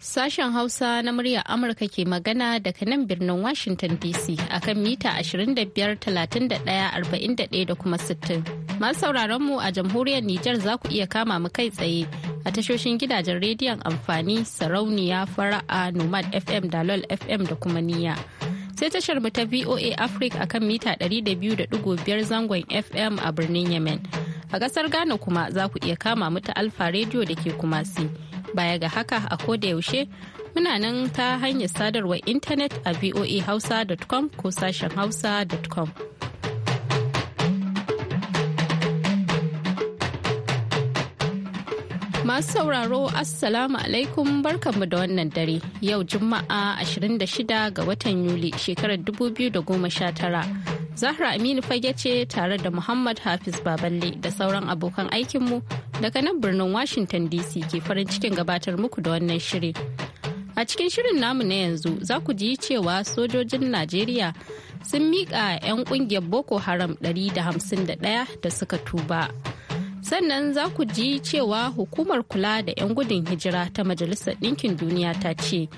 Sashen Hausa na muryar Amurka ke magana daga nan birnin Washington DC a kan mita 25-31-41 da kuma 60. Masu sauraron mu a jamhuriyar Nijar za ku iya kama mu kai tsaye a tashoshin gidajen rediyon amfani sarauniya fara'a Nomad FM da LOL FM da kuma niya. sai tashar mu ta VOA Africa akan mita 200.5 zangon FM a birnin Yemen. A ƙasar Ghana kuma za ku iya kama mu ta Alfa Radio da ke Kumasi. Baya ga haka a koda yaushe muna nan ta hanyar sadarwar intanet a voahausa.com ko sashen hausa.com. Masu sauraro Assalamu alaikum barkanmu da wannan dare yau Juma'a 26 ga watan Yuli shekarar 2019. Zahra Aminu fage ce tare da Muhammad Hafiz Baballe da sauran abokan aikinmu daga nan birnin Washington DC ke farin cikin gabatar muku da wannan shiri. A cikin shirin namu na yanzu za ku ji cewa sojojin Najeriya sun miƙa 'yan ƙungiyar Boko Haram 151 da suka tuba. sannan za ku ji cewa hukumar kula da 'yan gudun hijira ta majalisar ɗinkin duniya ta ce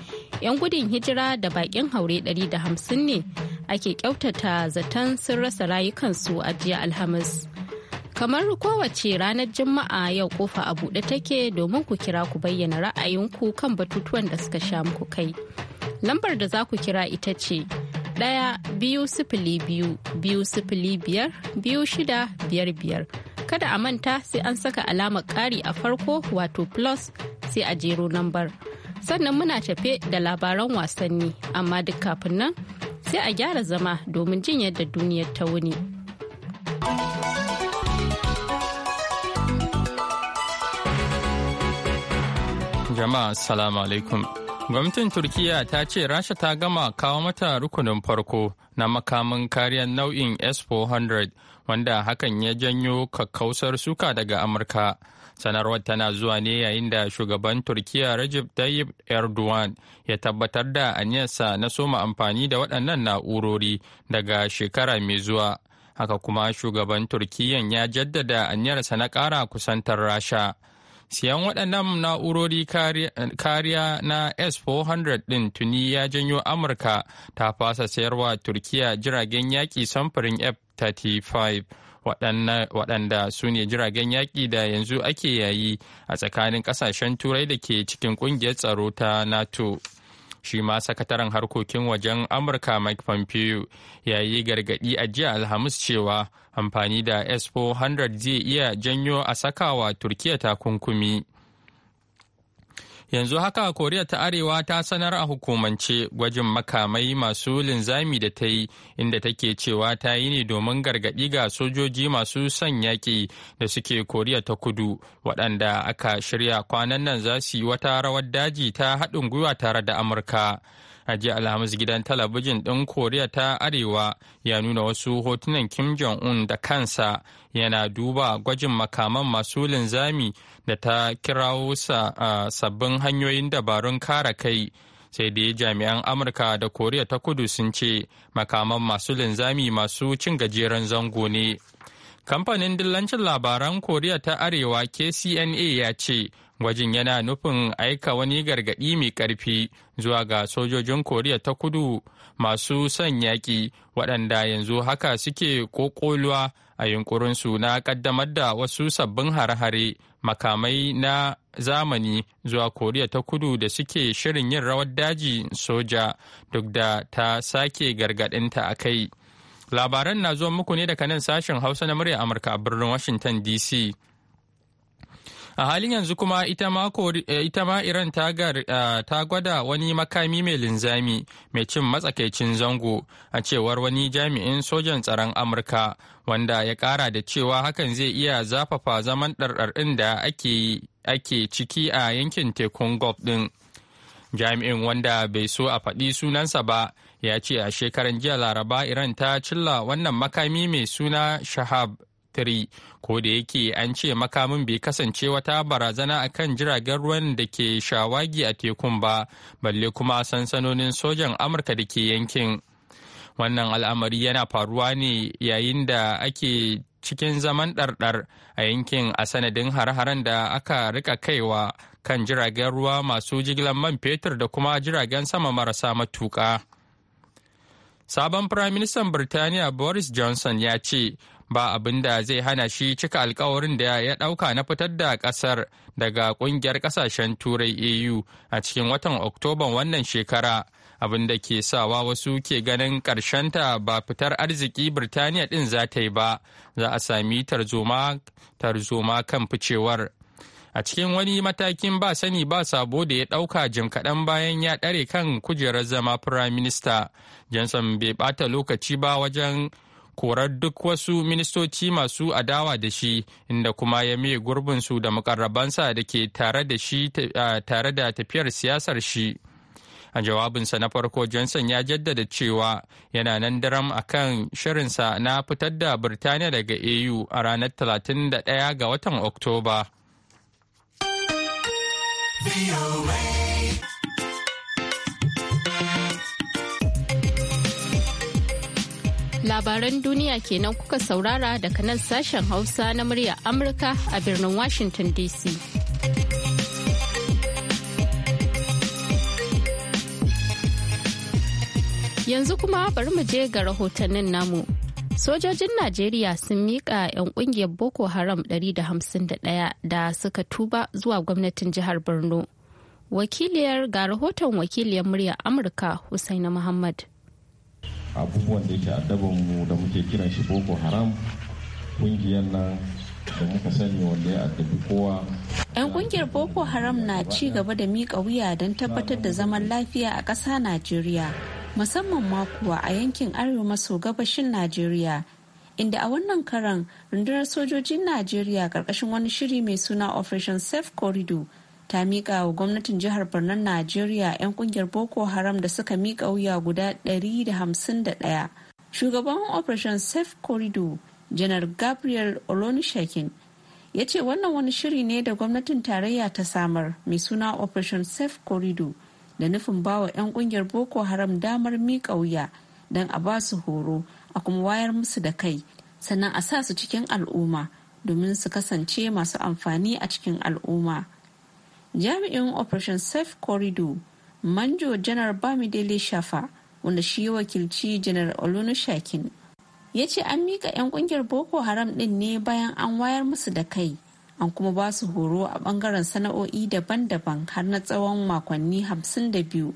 'yan gudun hijira da baƙin haure 150 ne ake kyautata zaton sun rasa rayukansu a jiya alhamis kamar kowace ranar juma'a yau kofa a buɗe take domin ku kira ku bayyana ra'ayinku kan batutuwan da suka sha muku kai lambar da za ku kira ita ce ɗaya biyu sifili biyu biyu sifili biyar biyu shida biyar biyar kada a manta sai an saka alamar ƙari a farko wato plus sai a jero lambar sannan muna tafe da labaran wasanni amma duk kafin nan sai a gyara zama domin jin yadda duniyar ta wuni. jama'a salamu alaikum Gwamnatin Turkiyya ta ce Rasha ta gama kawo mata rukunin farko na makamin kariyar nau'in S-400 wanda hakan ya janyo kakkausar suka daga Amurka. Sanarwar tana zuwa ne yayin da shugaban Turkiyya Recep Tayyip Erdogan ya tabbatar da aniyarsa na soma amfani da waɗannan na'urori daga shekara mai zuwa. Haka kuma shugaban Turkiyyan ya jaddada aniyarsa na ƙara kusantar Rasha. Siyan waɗannan na'urori kariya na S-400 ɗin tuni ya janyo Amurka ta fasa sayarwa Turkiya jiragen yaƙi samfurin F-35. waɗanda su ne jiragen yaƙi da yanzu ake yayi a tsakanin ƙasashen turai da ke cikin ƙungiyar tsaro ta nato shi ma sakataren harkokin wajen amurka mike pompeo ya yi gargaɗi a jiya alhamis cewa amfani da s-400 zai iya janyo a sakawa turkiya takunkumi Yanzu haka Koriya ta Arewa ta sanar a hukumance gwajin makamai masu linzami da ta yi inda take cewa ta yi ne domin gargaɗi ga sojoji masu son yaƙi da suke Koriya ta Kudu waɗanda aka shirya kwanan nan za su yi wata rawar daji ta haɗin gwiwa tare da Amurka. a jiya alhamis gidan talabijin ɗin koriya ta arewa ya nuna wasu hotunan kim jong-un da kansa yana duba gwajin makaman masu linzami da ta kirawo sabbin hanyoyin dabarun kara kai sai dai jami'an amurka da koriya ta kudu sun ce makaman masu linzami masu cin gajeren zango ne kamfanin dillancin labaran koriya ta arewa kcna ya ce Gwajin yana nufin aika wani gargaɗi mai ƙarfi zuwa ga sojojin Koriya ta kudu masu son yaƙi waɗanda yanzu haka suke ƙoƙoluwa a yunƙurinsu na ƙaddamar da wasu sabbin hare-hare makamai na zamani zuwa Koriya ta kudu da suke shirin yin rawar daji soja duk da ta sake gargaɗinta a kai. Labaran na zuwa muku ne daga nan sashen Hausa na murya Amurka a birnin Washington DC. a halin yanzu kuma ita ma eh, iran eh, ta gwada wani makami mai linzami mai cin matsakaicin zango a cewar wani jami'in sojan tsaron amurka wanda ya kara da cewa hakan zai iya zafafa zaman ɗarɗarɗin da ake ciki a yankin tekun gulf ɗin jami'in wanda bai so a faɗi sunansa ba ya ce a shekaran jiya laraba iran ta cilla wannan makami mai suna shahab 3 ko da yake an ce makamin bai kasance wata barazana a kan jiragen ruwan da ke shawagi a tekun ba balle kuma sansanonin sojan amurka da ke yankin wannan al'amari yana faruwa ne yayin da ake cikin zaman ɗarɗar a yankin a sanadin har-haren da aka rika kaiwa kan jiragen ruwa masu jigilar man fetur da kuma jiragen sama marasa matuƙa. Sabon Firaministan Birtaniya Boris Johnson ya ce ba abin da zai hana shi cika alkawarin da ya dauka na fitar da kasar daga kungiyar kasashen turai au a cikin watan oktoban wannan shekara abin da ke sawa wasu ke ganin ta ba fitar arziki birtaniya din za ta yi ba za a sami tarzoma kan ficewar a cikin wani matakin ba sani ba sabo da ya dauka jim kaɗan bayan ya ɗare kan kujerar zama firayim minista bai ɓata lokaci ba wajen korar duk wasu ministoci masu adawa da shi inda kuma ya miye gurbinsu da mukarrabansa da ke tare da tafiyar siyasar shi. a jawabinsa na farko johnson ya jaddada cewa yana nan daram a kan shirinsa na fitar da birtaniya daga au a ranar 31 ga watan oktoba. Labaran duniya kenan kuka saurara daga nan sashen Hausa na murya Amurka a birnin Washington DC. Yanzu kuma bari mu je ga rahotannin namu. Sojojin Najeriya sun miƙa 'yan ƙungiyar Boko Haram 151 da suka tuba zuwa gwamnatin jihar Borno. Wakiliyar ga rahoton wakiliyar murya Amurka Husaina Muhammad. abubuwan da yake addaban mu da muke kiran shi boko haram kungiyar nan da muka sani wanda ya addabi kowa. 'Yan kungiyar Boko Haram na ci gaba da miƙa wuya don tabbatar da zaman lafiya a ƙasa Najeriya, musamman ma kuwa a yankin arewa maso gabashin Najeriya. Inda a wannan karan rundunar sojojin Najeriya ƙarƙashin wani shiri mai suna Operation Safe Corridor ta miƙa wa gwamnatin jihar Birnin Najeriya 'yan kungiyar Boko Haram da suka miƙa wuya guda 151. Shugaban Operation Safe Corridor, Janar Gabriel Olonishakin, ya ce wannan wani shiri ne da gwamnatin tarayya ta samar mai suna Operation Safe Corridor da nufin bawa 'yan kungiyar Boko Haram damar miƙa wuya don a ba su horo a kuma wayar musu da kai sannan a sa su cikin al'umma domin su kasance masu amfani a cikin al'umma. jami'in operation safe corridor manjo janar bamidele shafa wanda shi wakilci janar shakin ya ce an mika 'yan kungiyar boko haram din ne bayan an wayar musu da kai an kuma ba su horo a bangaren sana'o'i daban-daban har na tsawon makonni 52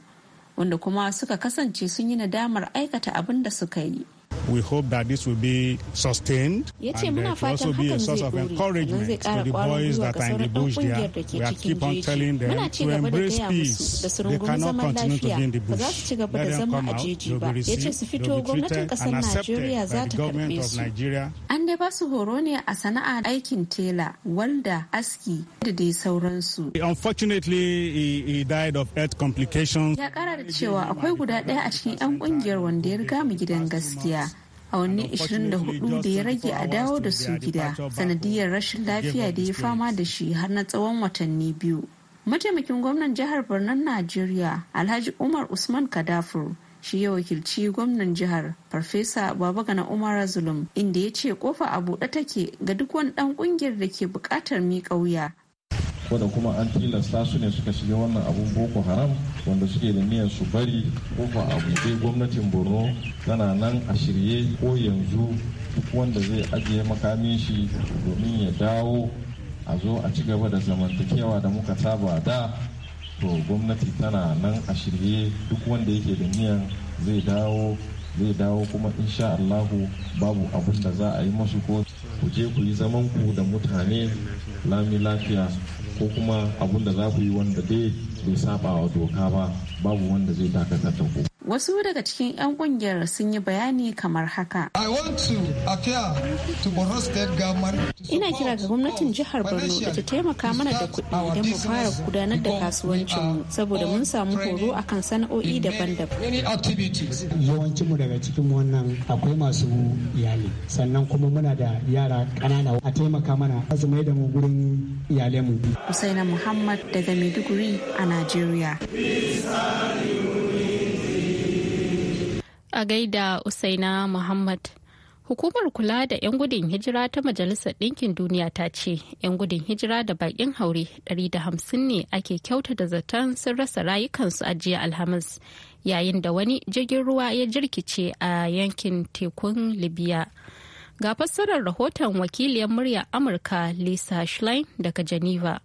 wanda kuma suka kasance sun yi nadamar aikata abin da suka yi We hope that this will be sustained and uh, it also be a source of encouragement to the boys that are in the bush there. We are keep on telling them to embrace peace. They cannot continue to be in the bush. Let them come out. They'll be received, be treated and accepted by the government of Nigeria. An dai ba su horo ne a sana'a aikin tela, walda, aski da dai sauransu. Unfortunately, he, he died of health complications. Ya kara da cewa akwai guda ɗaya a cikin 'yan ƙungiyar wanda ya riga mu gidan gaskiya. a awanni 24 da ya rage a dawo da su gida sanadiyar rashin lafiya da ya fama da shi har na tsawon watanni biyu mataimakin gwamnan jihar birnin najeriya alhaji umar usman kadafur shi ya wakilci gwamnan jihar farfesa babagana umar zulum inda ya ce kofa a buɗe take ga duk wani ɗan ƙungiyar da ke buƙatar miƙa wuya da kuma an tilasta su ne suka shiga wannan abun boko haram wanda suke da niyyar su bari ba a buɗe gwamnatin borno tana nan a shirye ko yanzu duk wanda zai ajiye makamin shi domin ya dawo a zo a ci gaba da zamantakewa da muka saba da to gwamnati tana nan a shirye duk wanda yake da niyyar zai dawo zai dawo kuma insha Allahu babu abin da za a yi masu ko ku je ku yi zaman ku da mutane lami lafiya ko kuma abun da za ku yi wanda dai bai saɓa wa doka ba babu wanda zai dakatar da ku Wasu daga cikin 'yan kungiyar sun yi bayani kamar haka. Ina kira ga gwamnatin jihar Borno da ta taimaka mana da kuɗi don mu fara gudanar da kasuwancinmu saboda mun samu horo akan sana'o'i daban-daban. Yawancinmu daga cikin wannan akwai masu iyali sannan kuma muna da yara ƙanana a taimaka mana su mai da mu gurin iyalanmu. Usaina Muhammad daga Maiduguri a Najeriya. a gaida Usaina Muhammad. Hukumar kula da 'yan gudun hijira ta Majalisar Ɗinkin Duniya ta ce 'yan gudun hijira da baƙin haure 150 ne ake kyauta da zaton sun rasa rayukansu a jiya Alhamis yayin da wani jirgin ruwa ya jirkice a yankin tekun Libya. Ga fassarar rahoton wakiliyar murya Amurka Lisa Schlein daga Geneva.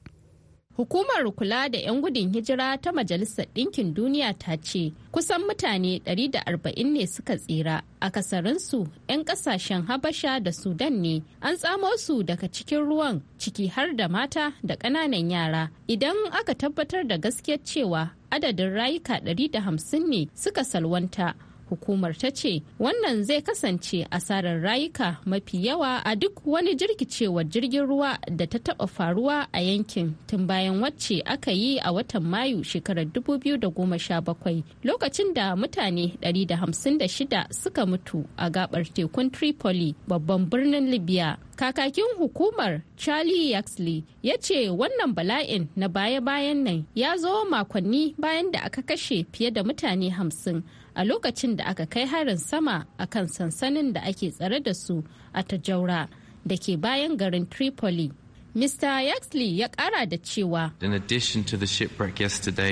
Hukumar kula da 'yan gudun hijira ta Majalisar Ɗinkin Duniya ta ce kusan mutane 140 ne suka tsira, a kasarinsu 'yan kasashen Habasha da Sudan ne an tsamo su daga cikin ruwan ciki har da mata da ƙananan yara. Idan aka tabbatar da gaskiyar cewa adadin rayuka 150 ne suka salwanta hukumar ta ce wannan zai kasance asarar rayuka mafi yawa a duk wani jirkicewar jirgin ruwa da ta taba faruwa a yankin tun bayan wacce aka yi a watan mayu shekarar 2017 lokacin da mutane 156 suka mutu a gabar tekun tripoli babban birnin libya kakakin hukumar charlie yaxley ya ce wannan bala'in na baya-bayan nan ya zo makonni bayan da aka kashe fiye da mutane 50 a lokacin da aka kai harin sama a kan sansanin da ake tsare da su a tajaura da ke bayan garin tripoli Mr. Yaxley ya kara da cewa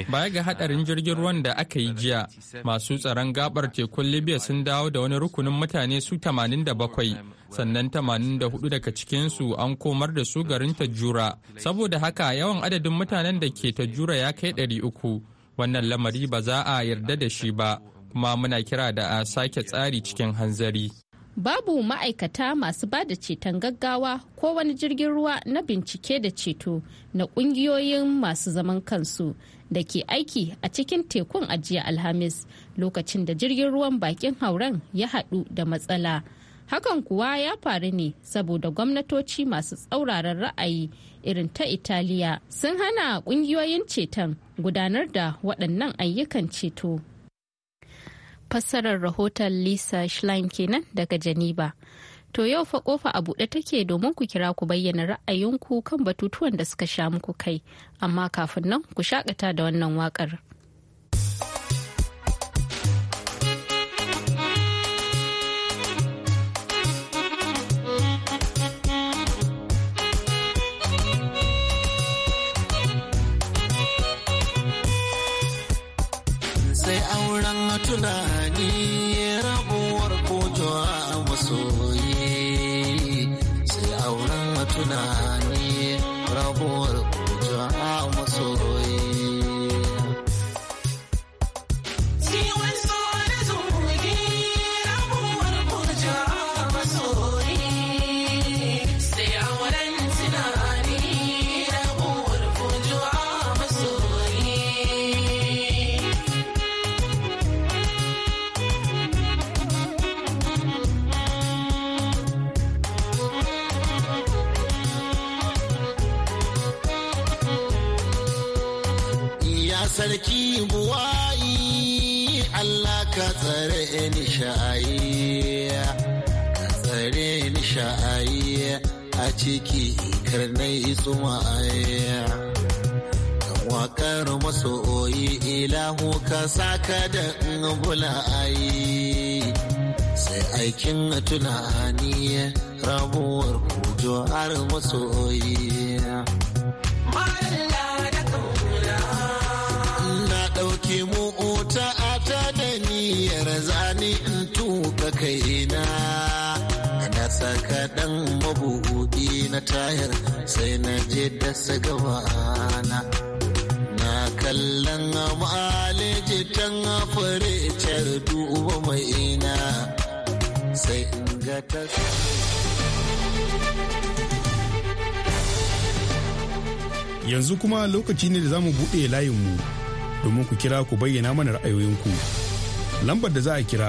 Baya ga hadarin jirgin ruwan da aka yi jiya, masu tsaron gabar tekun Libya sun dawo da wani rukunin mutane su 87, sannan 84 daga cikinsu an komar da su garin Tajura, saboda haka yawan adadin mutanen da ke Tajura ya kai 300. Wannan lamari ba za a yarda da shi ba. kuma muna kira da a sake tsari cikin hanzari. Babu ma'aikata masu ba da ceton gaggawa ko wani jirgin ruwa na bincike da ceto na ƙungiyoyin masu zaman kansu da ke aiki a cikin tekun ajiya Alhamis lokacin da jirgin ruwan bakin hauren ya haɗu da matsala. Hakan kuwa ya faru ne saboda gwamnatoci masu tsauraran ra'ayi irin ta Italiya sun hana ƙungiyoyin ceton gudanar da waɗannan ayyukan ceto. fassarar rahoton Lisa Schlein kenan daga Geneva. To yau fa kofa a buɗe take domin ku kira ku bayyana ra'ayinku kan batutuwan da suka sha muku kai, amma kafin nan ku shakata da wannan waƙar. sarki buwayi Allah ka tsare ni sha'ayi ka tsare ni sha'ayi a ciki karnai wakar masu masoyi ilahu ka saka da bula'ayi sai aikin tunani rabuwar kujo har masoyi. kaina na saka ɗan mabuɗi na tayar sai na je dasa gabana na kallon ma'aleji tan fure car duba mai ina sai in ga ta yanzu kuma lokaci ne da za mu buɗe layinmu domin ku kira ku bayyana mana ra'ayoyinku. Lambar da za a kira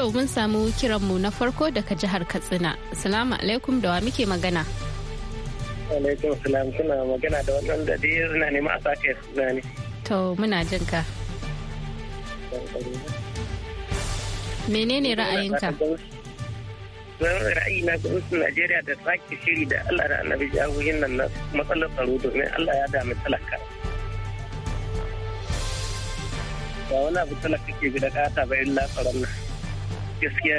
To mun samu kiranmu na farko daga jihar Katsina. Salamu alaikum da wa muke magana. Alaikum salam suna magana da wannan da dai na nema a sake suna ne. To muna jin ka. Menene ra'ayinka? ra'ayi na gwamnatin Najeriya da sake shiri da Allah da annabi jagoyin nan na matsalar tsaro domin Allah ya dami talaka. Ba wani abu talaka ke bi da kata bayan illa nan. gaskiya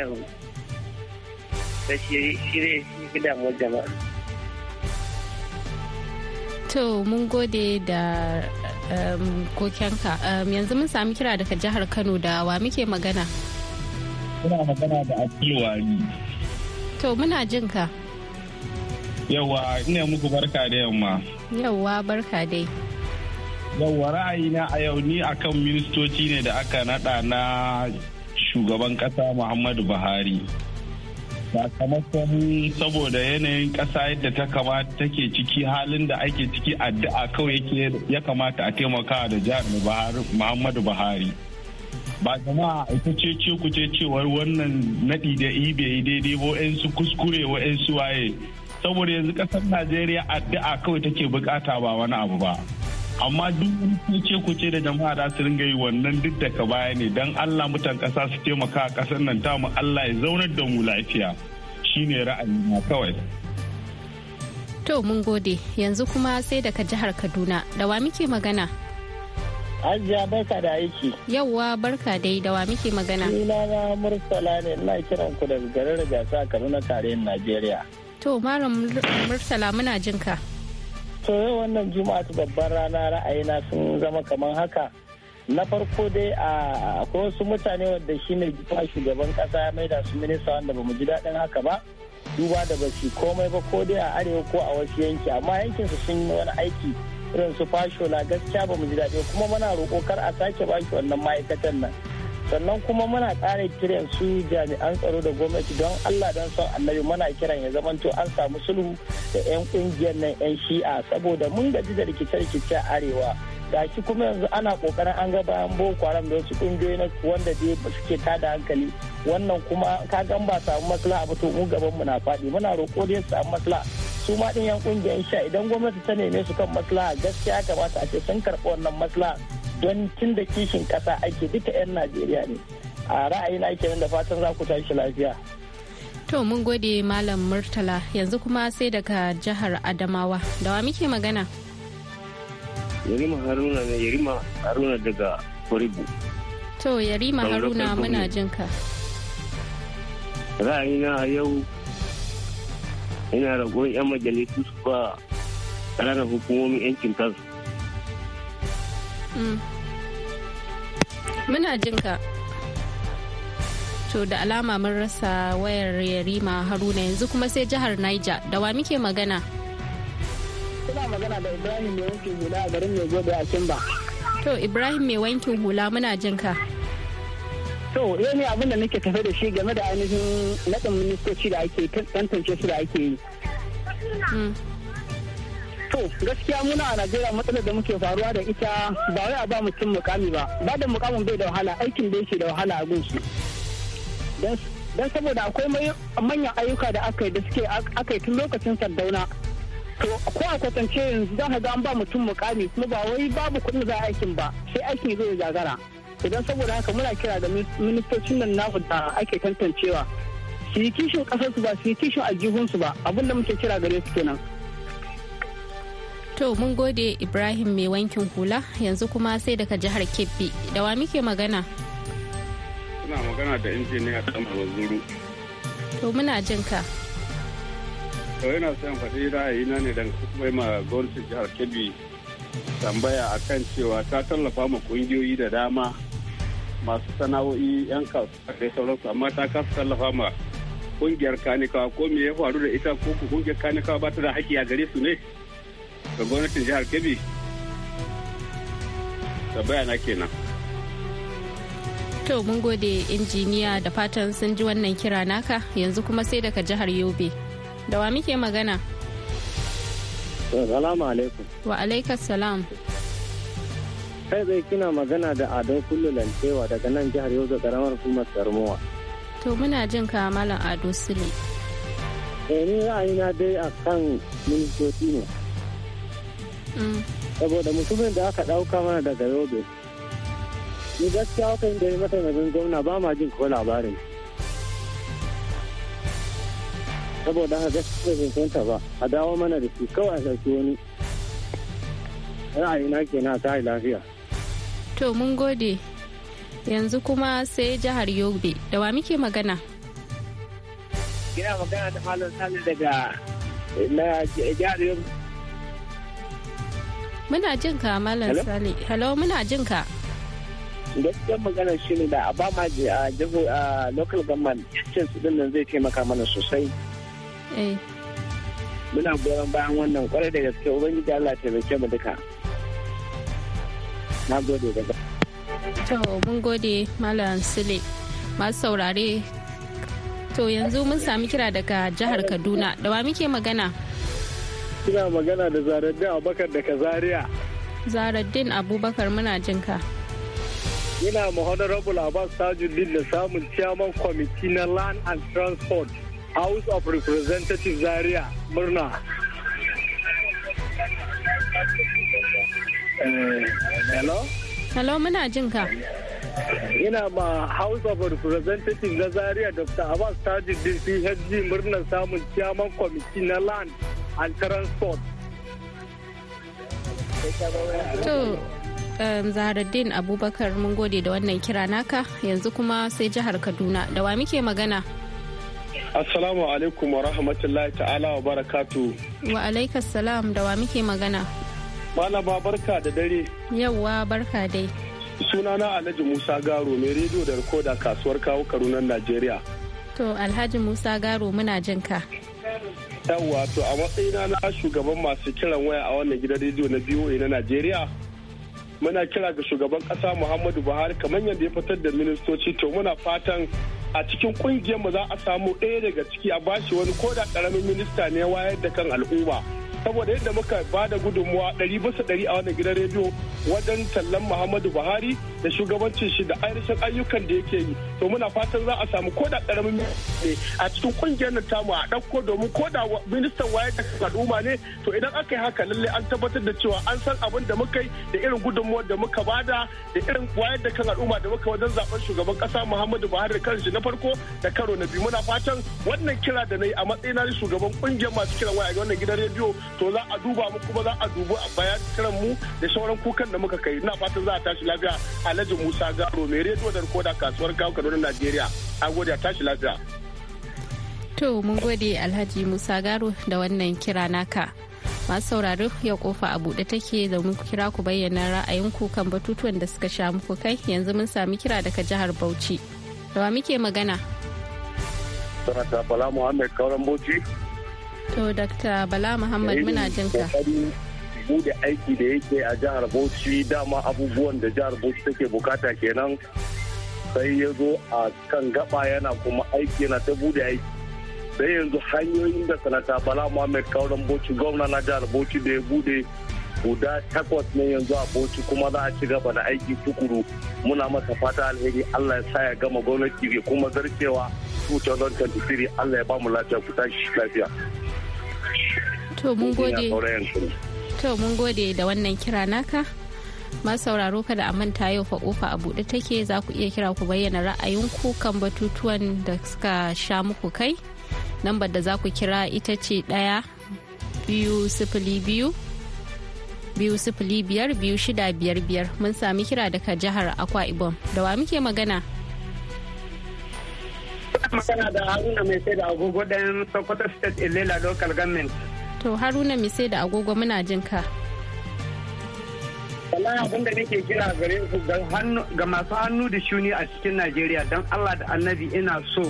da shi ne shi damuwar jama'a to mun gode da um, kokenka um, yanzu mun sami kira daga jihar kano da wa muke magana muna magana da abdulwani to muna jin ka yawa ina muku barka da yamma yawa barka dai ra'ayi ra'ayina a yau ni akan ministoci ne da aka nada na shugaban kasa Muhammadu Buhari. sakamakon saboda yanayin ƙasa yadda ta kamata take ciki halin da ake ciki addu'a kawai yake ya kamata a taimaka da jihar Muhammadu Buhari. Ba jama'a ita ce ce ku ce cewar wannan naɗi da ibe daidai ba wa'yansu kuskure wa'yansu waye. Saboda yanzu ƙasar Najeriya addu'a kawai take bukata ba wani abu ba. amma duk kuce kuce da jama'a da su ringa yi wannan duk da ka baya ne don Allah mutan kasa su taimaka a kasar nan tamu Allah ya zaunar da mu lafiya shine ra'ayi na kawai to mun gode yanzu kuma sai daga jihar Kaduna da wa muke magana Hajiya barka da aiki. Yawwa barka dai da wa muke magana. Suna na Murtala ne ina kiran ku daga garin Rajasa Kaduna tarayyar Najeriya. To Malam Murtala muna jin ka. to yau wannan juma'a ta babban rana ra'ayi na sun zama kamar haka na farko dai a wasu mutane wadda shi ne shugaban kasa ya maida su minista wanda ba mu ji daɗin haka ba duba da ba shi komai ba ko dai a arewa ko a wasu yanki amma yankin su sun yi wani aiki irin su fasho na gaskiya ba mu ji daɗi kuma muna roƙo kar a sake ba shi wannan ma'aikatan nan sannan kuma muna ƙara kiran su jami'an tsaro da gwamnati don allah don son annabi muna kiran ya zamanto an samu sulhu da 'yan ƙungiyar nan 'yan shi'a saboda mun gaji da rikice-rikice a arewa gashi kuma yanzu ana kokarin an ga bayan boko haram da wasu kungiyoyi na wanda dai suke tada hankali wannan kuma ka gan ba samu maslaha a to mu gaban mu na faɗi muna roƙo da samu maslaha su ma ɗin yan ƙungiyar sha idan gwamnati ta neme su kan maslaha gaskiya kamata a ce sun karɓi wannan maslaha don tun da kishin kasa ake duka 'yan najeriya ne a ra'ayina kenan da fatan za ku tashi lafiya to mun gode malam murtala yanzu kuma sai daga jihar adamawa da wa muke magana yarima haruna ne yarima haruna daga kwaribu to yarima haruna muna jinka ra'ayina a yau ina ragon 'yan majalisu su ba ƙananan hukumomin yankin kansu muna jin ka to da alama mun rasa wayar yarima haruna yanzu kuma sai jihar niger da wa muke magana Kuna magana da Ibrahim mai wankin hula a garin mai gobe a Kimba. To Ibrahim mai wankin hula muna jin ka. To yau eh, ne abin da nake tafe da shi game da ainihin naɗin ministoci da ake tantance su da ake yi. Mm. To gaskiya muna a Najeriya matsalar da muke faruwa da ita ba wai a ba mutum mukami ba. Ba da mukamin bai da wahala aikin da yake da wahala a gunsu. Don saboda akwai manyan ayyuka da aka yi da suke aka yi tun lokacin sardauna. To ko a kwatance yanzu za ka ga an ba mutum mukami kuma ba wai babu kuɗin za aikin ba sai aikin zai zagara. Idan saboda haka muna kira ga ministocin nan naku da ake tantancewa. Su yi kishin ƙasarsu ba su yi kishin aljihunsu ba abinda muke kira gare su kenan. To mun gode Ibrahim mai wankin hula yanzu kuma sai daga jihar Kebbi. Da wa muke magana? Muna magana da injiniya Kamar Zuru. To muna jin ka. To yana son faɗi ra'ayi na ne don kuma ma gwamnatin jihar Kebbi tambaya akan cewa ta tallafa ma kungiyoyi da dama masu sana'o'i 'yan kasuwa da sauransu amma ta kasa tallafa ma kungiyar kanikawa ko me ya faru da ita ko kungiyar kanikawa ba ta da haƙƙi a gare su ne? ga gwamnatin jihar Kebbi? da bayana kenan. To mun gode injiniya da fatan sun ji wannan kira naka yanzu kuma sai daga jihar Yobe. Da wa muke magana? Salamu alaikum. Wa alaikas salam. Kai zai kina magana da Ado Kullu Lantewa daga nan jihar Yobe karamar kuma Sarmowa. To muna jin ka Malam Ado Sule. Eh ni ra'ayina dai akan ministoci ne. saboda mutumin da aka ɗauka mana daga yobe ni gaskiya haka inda ya mata yanzu gwamna ba ma jin ko labarin saboda haka gaskiya bai santa ba a dawo mana da shi kawai a sarki wani ke na ta lafiya to mun gode yanzu kuma sai jihar yobe da wa muke magana Gina magana da malam sani daga eh, na jihar yobe Muna jin ka Malam Sale. Hello muna jin ka. gaskiya magana shi ne da a ba ma local government cin su nan zai taimaka mana sosai. Eh. Muna goyon bayan wannan kwarai da gaske Ubangiji Allah taimake mu duka. Na gode da To mun gode Malam Sule. Masu saurare To yanzu mun sami kira daga jihar Kaduna. Da wa muke magana? Kina magana da Zaraddin Abubakar daga Zaria. Zaraddin Abubakar muna jin ka. Ina ma Honorable Abbas Tajuddin da samun ciyaman kwamiti na Land and Transport House of Representatives Zaria murna. Eh, hello? Hello muna jin ka. Ina ma House of Representatives na Zaria Dr. Abbas Tajuddin PHG murnar samun ciyaman kwamiti na Land al transport. To, um, Abubakar mun gode da wannan kira naka yanzu kuma sai jihar Kaduna da wa muke magana. Assalamu alaikum wa rahmatullahi ta'ala wa barakatu. Wa alaikas salam da wa muke magana. Malama barka da dare. Yawwa barka dai. Sunana Alhaji Musa Garo mai rediyo da rikoda kasuwar kawo Karunan Najeriya. To Alhaji Musa Garo muna jinka. yawwa to a matsayina na shugaban masu kiran waya a wannan gidan rediyo na BOA na Najeriya muna kira ga shugaban kasa Muhammadu Buhari kamar yadda ya fitar da ministoci to muna fatan a cikin kungiyar mu za a samu ɗaya daga ciki a bashi wani koda karamin minista ne wayar da kan al'umma saboda yadda muka ba da gudunmuwa ɗari bisa ɗari a wannan gidan rediyo wajen tallan muhammadu buhari da shugabancin shi da ainihin ayyukan da yake yi to muna fatan za a samu ko da ƙaramin ne a cikin ƙungiyar nan tamu a ɗauko domin ko da ministan wayar da al'umma ne to idan aka yi haka lalle an tabbatar da cewa an san abin da muka yi da irin gudunmuwar da muka bada da irin wayar da kan al'umma da muka wajen zaben shugaban ƙasa muhammadu buhari da shi na farko da karo na biyu muna fatan wannan kira da na yi a matsayina shugaban ƙungiyar masu kiran waya ga wannan gidan rediyo to za a duba mu kuma za a dubu a bayan mu da sauran kukan da muka kai ina fatan za a tashi lafiya alhaji musa garo mai rediyo da rikoda kasuwar kawo kaduna najeriya a gode a tashi lafiya. to mun gode alhaji musa garo da wannan kira naka. masu sauraro ya kofa a buɗe take da mun kira ku bayyana ra'ayinku kan batutuwan da suka sha muku kai yanzu mun sami kira daga jihar Bauchi. Da wa muke magana? Sanata Bala Muhammad Kauran Bauchi. To Dr. Bala Muhammad muna jinka. da aiki da yake a jihar Bauchi dama abubuwan da jihar Bauchi take bukata kenan sai ya zo a kan gaba yana kuma aiki yana ta bude aiki. Sai yanzu hanyoyin da sanata Bala Muhammad Kauran Bauchi gwamna na jihar Bauchi da ya bude guda takwas ne yanzu a Bauchi kuma za a ci gaba da aiki tukuru muna masa fata alheri Allah ya sa ya gama gwamnati kuma zarcewa 2023 Allah ya ba mu lafiya ku tashi lafiya. to mun gode da wannan kira naka masu sauraro kada a manta yau fa kofa a buɗe take za ku iya kira ku bayyana ra'ayinku kan batutuwan da suka sha muku kai lambar da za ku kira ita ce ɗaya biyu sifili biyu biyu sifili biyar biyu shida biyar biyar mun sami kira daga jihar akwa ibom da wa muke magana magana da haruna mai sai da agogo ɗayan sokoto state ilela local government To Haruna Mise da agogo muna jin ka. Wallahi abin da nake kira gare ku ga masu hannu da shuni a cikin Najeriya don Allah da Annabi ina so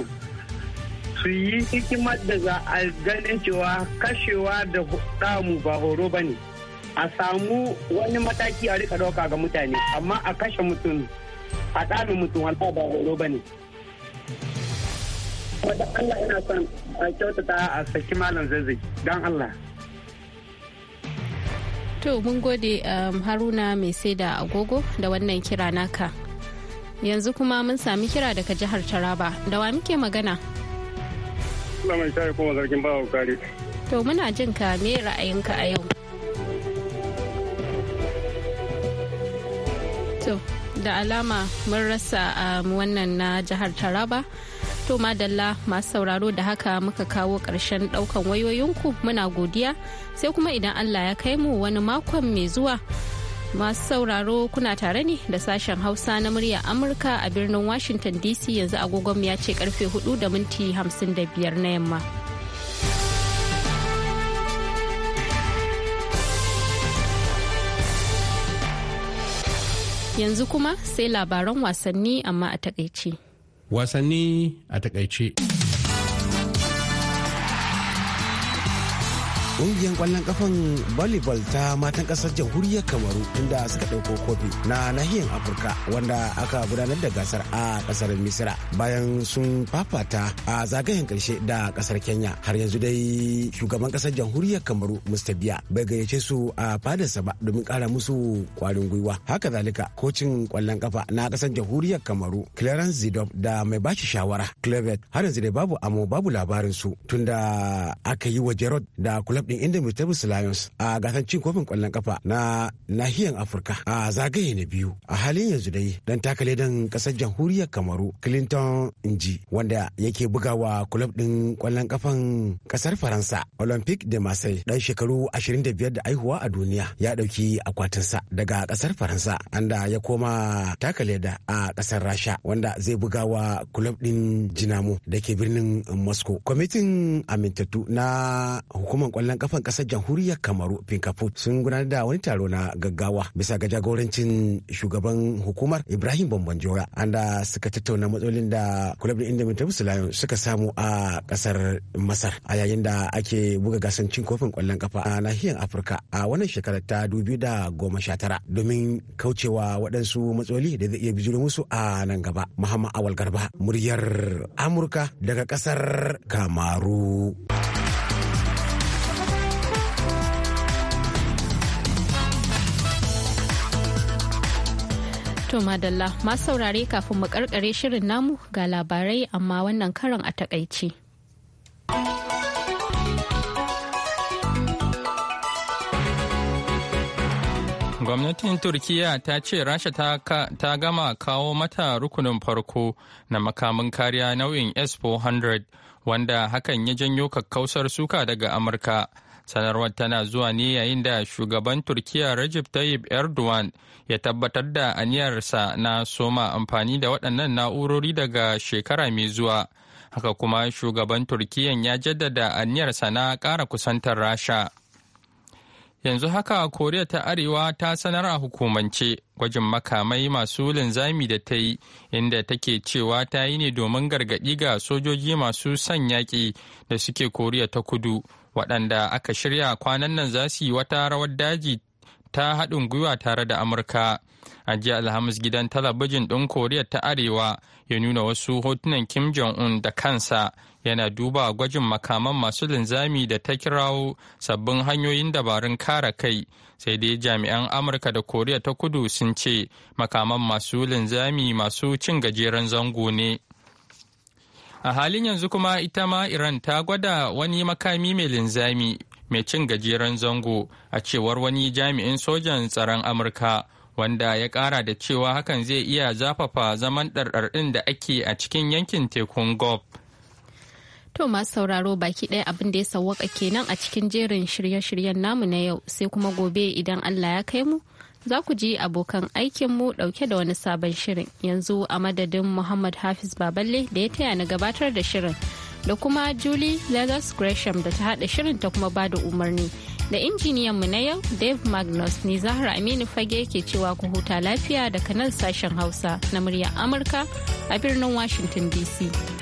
su yi hikimar da za a ganin cewa kashewa da damu ba horo ba ne. A samu wani mataki a rika ɗauka ga mutane amma a kashe mutum a tsarin mutum ba horo ba ne. wadda Allah yana son a kyautata a saki malam zazzai don Allah. To mun gode um, Haruna mai sai da agogo da wannan kira naka. Yanzu kuma mun sami kira daga jihar Taraba. Da wa muke magana? Ina mai shayi kuma zargin bawa kare. To muna jin ka me ra'ayinka a yau. To da alama mun rasa um, wannan na jihar Taraba. To madalla masu sauraro da haka muka kawo ƙarshen ɗaukan wayoyinku muna godiya sai kuma idan Allah ya kai mu wani makon mai zuwa. Masu sauraro kuna tare ne da sashen Hausa na murya Amurka a birnin Washington DC yanzu agogon ya ce karfe 4 da minti 55 na yamma. Yanzu kuma sai labaran wasanni amma a takaice. wasanni a takaice. kungiyar kwallon kafan volleyball ta matan kasar jamhuriyar kamaru inda suka ɗauko kofi na nahiyar afirka wanda aka gudanar da gasar a kasar misira bayan sun fafata a zagayen karshe da kasar kenya har yanzu dai shugaban kasar jamhuriyar kamaru mr biya bai gayyace su a fadarsa ba domin kara musu kwarin gwiwa haka zalika kocin kwallon kafa na kasar jamhuriyar kamaru clarence zidop da mai bashi shawara clevet har yanzu dai babu amo babu labarin su tunda aka yi wa jerod da club din indomitable lions a gasar cin kofin kwallon kafa na nahiyar afirka a zagaye na biyu a halin yanzu dai dan takale dan kasar jamhuriyar kamaru clinton inji wanda yake bugawa kulab din kwallon kafan kasar faransa olympic de marseille dan shekaru 25 da aihuwa a duniya ya dauki akwatinsa daga kasar faransa anda ya koma takale da a kasar rasha wanda zai bugawa kulab din jinamo da ke birnin moscow kwamitin amintattu na hukumar kwallon kafan kasar jamhuriyar kamaru pinkapu sun gudanar da wani taro na gaggawa bisa ga jagorancin shugaban hukumar ibrahim bambanjora anda suka tattauna matsalolin da club din indomitable lion suka samu a kasar masar a yayin da ake buga gasar cin kofin kwallon kafa a nahiyar afirka a wannan shekarar ta dubi da goma sha tara domin kaucewa waɗansu matsaloli da zai iya bijiro musu a nan gaba muhammad awal garba muryar amurka daga kasar kamaru. To madalla masu saurare kafin mu karkare shirin namu ga labarai amma wannan karan a takaici. Gwamnatin Turkiyya ta ce Rasha ta gama kawo mata rukunin farko na makamin kariya nau'in S-400 wanda hakan ya janyo kakkausar suka daga Amurka. sanarwar tana zuwa ne yayin da shugaban turkiya Recep Tayyip Erdogan ya tabbatar da aniyarsa na soma amfani da waɗannan na'urori daga shekara mai zuwa. Haka kuma shugaban Turkiyan ya jaddada aniyarsa na ƙara kusantar Rasha. Yanzu haka Koriya ta Arewa ta sanar a hukumance gwajin makamai masu linzami da ta yi inda take cewa ta yi ne domin gargaɗi ga sojoji masu son yaƙi da suke Koriya ta Kudu. waɗanda aka shirya kwanan nan za su yi wata rawar daji ta haɗin gwiwa tare da amurka a jiya alhamis gidan talabijin ɗin koriya ta arewa ya nuna wasu hotunan kim jong-un da kansa yana duba gwajin makaman masu linzami da ta kirawo sabbin hanyoyin dabarun kare kai sai dai jami'an amurka da koriya ta kudu sun ce makaman masu linzami masu cin gajeren zango ne. a halin yanzu kuma ita ma iran ta gwada wani makami mai linzami mai cin gajeren zango a cewar wani jami'in sojan tsaron amurka wanda ya kara da cewa hakan zai iya zafafa zaman ɗarɗarɗin da ake a cikin yankin tekun gulf To masu sauraro baki ɗaya abin da ya sawwaka kenan a cikin jerin shirye-shiryen namu na yau sai kuma gobe idan Allah ya kai mu za ku ji abokan aikinmu ɗauke da wani sabon shirin yanzu a madadin Muhammad Hafiz Baballe da ya taya na gabatar da shirin da kuma Julie Lagos Gresham da ta haɗa shirin ta kuma bada umarni da injiniyan mu na yau Dave Magnus ne Zahra Aminu Fage ke cewa ku huta lafiya daga nan sashen Hausa na muryar Amurka a birnin Washington DC.